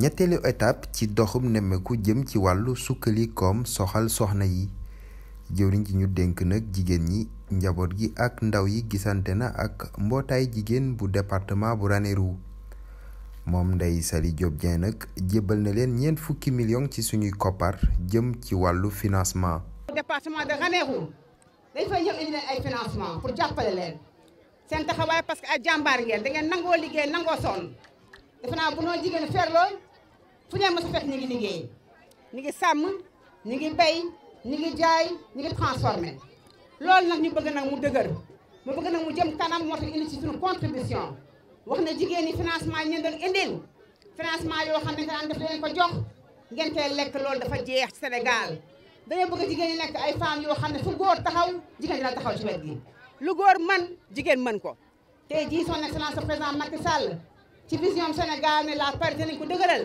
ñetteelu étape ci doxum nemmeeku jëm ci wàllu sukkali soxal soxna yi jëwriñ ji ñu dénk nag jigéen ñi njaboot gi ak ndaw yi gisante na ak mbootaay jigéen bu département bu Ranérou moom nday Saly Diop nag jébbal na leen ñeent fukki million ci suñuy koppar jëm ci wàllu financement. département de Ranérou dañ fay ñëw indi leen ay financement pour jàppale leen seen taxawaay parce ay jàmbaar ngeen da nangoo liggéey nangoo sonn defe bu noo fu ne ma su fekk ñu ngi liggéey ñu ngi sàmm ñu ngi bay ñu ngi jaay ñu ngi transformé loolu nag ñu bëgg nag mu dëgër mu bëgg nag mu jëm kanam moo tax indi ci suñu wax na jigéen ñi financement yi ñu financement yoo xam ne daan def ko jox ngeen tey lekk loolu dafa jeex ci Sénégal dañoo bëgg jigéen ñi nekk ay femmes yoo xam ne fu góor taxaw jigéen dina taxaw ci wet lu góor man jigéen mën ko tey jii son excellence président Macky Sall ci vision Sénégal ne la parité nañ ko dëgëral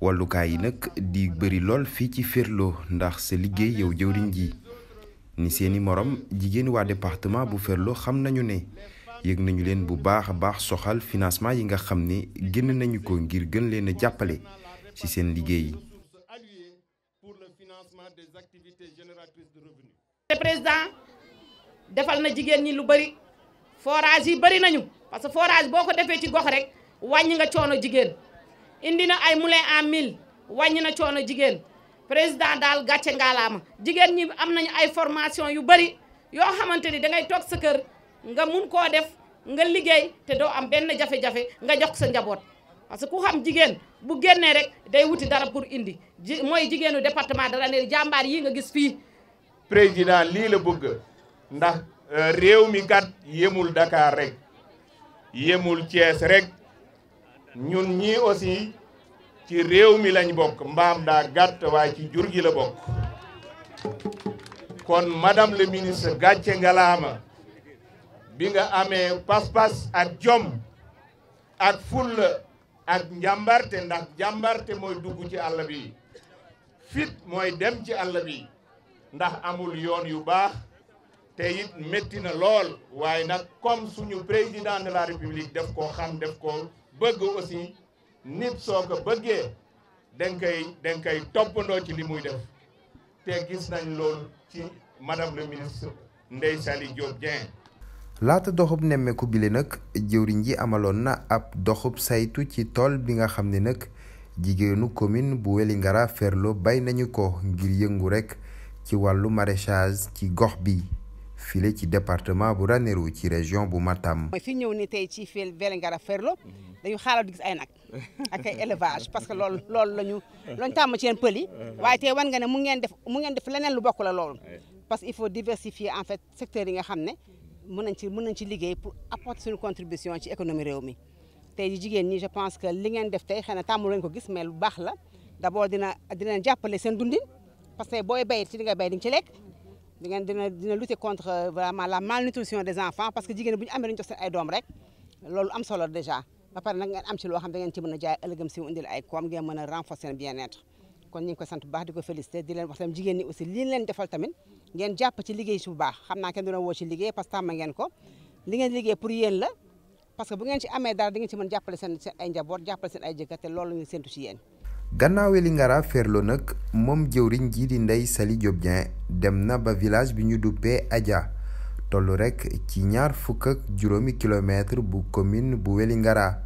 wallukaay yi nag di bari lool fii ci Ferlo ndax sa liggéey yow jëwriñ ji ni seeni moroom jigéen waa département bu Ferlo xam nañu ne yëg nañu leen bu baax a baax soxal financement yi nga xam ne génn nañu ko ngir gën leen a jàppale ci seen liggéey yi. président defal na jigéen ñi lu bëri forage yi bëri nañu parce forage boo ko defee ci gox rek wàññi nga coono jigéen. indi na ay moulin en mille wàññi na coono jigéen président daal gàcce ngaalaama jigéen ñi am nañu ay formation yu bëri yoo xamante ni dangay toog sa kër nga mun koo def nga liggéey te doo am benn jafe-jafe nga jox sa njaboot parce que ku xam jigéen bu génnee rek day wuti dara pour indi ji mooy jigéenu département de Ranérou jàmbaar yi nga gis fii. président lii la bëgg ndax euh, réew mi kat yemul Dakar rek yemul Thiès rek. ñun ñii aussi ci réew mi lañ bokk mbaam daa gàtt waaye ci jur gi la bokk kon madame le ministre gàcce ngalaama bi nga amee paspas ak jom ak fulla ak njàmbarte ndax njàmbarte mooy dugg ci àll bi fit mooy dem ci àll bi ndax amul yoon yu baax te it na lool waaye nag kom suñu président de la république def ko xam def ko bëgg aussi nit soo ko bëggee dañ koy toppandoo ci li muy def te gis nañ loolu ci madame le ministre Ndeye Saly Diop Dieng. laata doxub nemmeeku bile nag jëwriñ ji amaloon na ab doxub saytu ci tool bi nga xam ne nag jigéenu commune bu Wélingara Ferlo bay nañu ko ngir yëngu rekk ci wàllu maraîchage ci gox bi file ci département bu Ranérou ci région bu Matam. mooy dañu xaaral di gis ay nag ak ay élevage parce que loolu loolu la ñu lañ tàmm ci yeen pël yi waaye tey wan nga ne mu ngeen def mu ngeen def leneen lu bokk la loolu parce que il faut diversifier en fait secteur yi nga xam ne mën nañ ci mën nañ ci liggéey pour apporter suñu contribution ci économie réew mi tey ji jigéen ñi je pense que li ngeen def tey xëy na tàmm lañ ko gis mais lu baax la d'abord dina dina jàppale seen dundin parce que booy bay ci li nga bay di nga ci lekk di ngeen dina dina lutter contre euh, vraiment la malnutrition des enfants parce que jigéen bu ñu amee dañu jox seen ay doom rek loolu am solo déjà ba paré nak ngeen am ci lo xam da ngeen ci mëna jaay ëlëgëm ci mu indil ay koom ngeen mëna renforcer bien être kon ñing ko sant bu baax diko féliciter di leen wax tam jigéen ni aussi li leen defal tamit ngeen japp ci liggéey su baax xamna naa kenn dina wo ci liggéey parce que tam ngeen ko li ngeen liggéey pour yeen la parce que bu ngeen ci amé dara di ngeen ci mëna jàppale sen ay njaboot jàppale sen ay jëkkat té loolu ñu sentu ci yéen gannaaw Vélingara Ferlo nak mom jëwriñ jii di ndey sali job bien dem na ba village bi ñu duppé Adja tollu rek ci ñaar fukk ak juróomi kilomètre bu commune bu Vélingara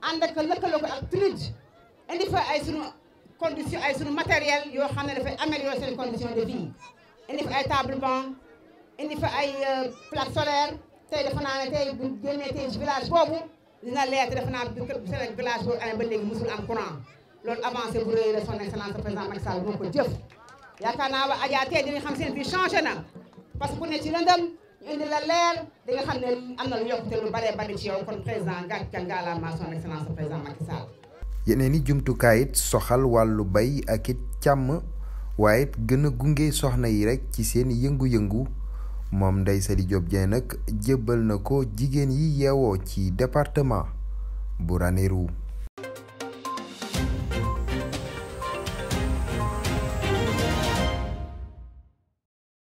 ànd ak lëkkaloo ko ak TRID indi fa ay sunu condition ay sunu matériel yoo xam ne dafay améliorer condition de vie indi fa ay table banc indi fa ay euh, plaque solaire tey defe naa ne tey bu génnee tey village boobu dina leer te defe naa ne Sénégal village boobu amee ba léegi musul am courant loolu avancé bu rëy la son excellence président Macky Sall moo ko jëf yaakaar naa waa Adja tey dinañ xam seen fii changé na parce que ne ci lëndëm ñu indi la leer di xam ne am na lu yokkute lu baree bari ci yow kon président gàcce ngalaama son excellence président Macky Sall. yeneen i jumtukaay it soxal wàllu bay ak it càmm waaye gëna gunge soxna yi rekk ci seen yëngu-yëngu moom Ndeye Saly Diop Dieng nag jébbal na ko jigéen yi yeewoo ci département bu Ranérou.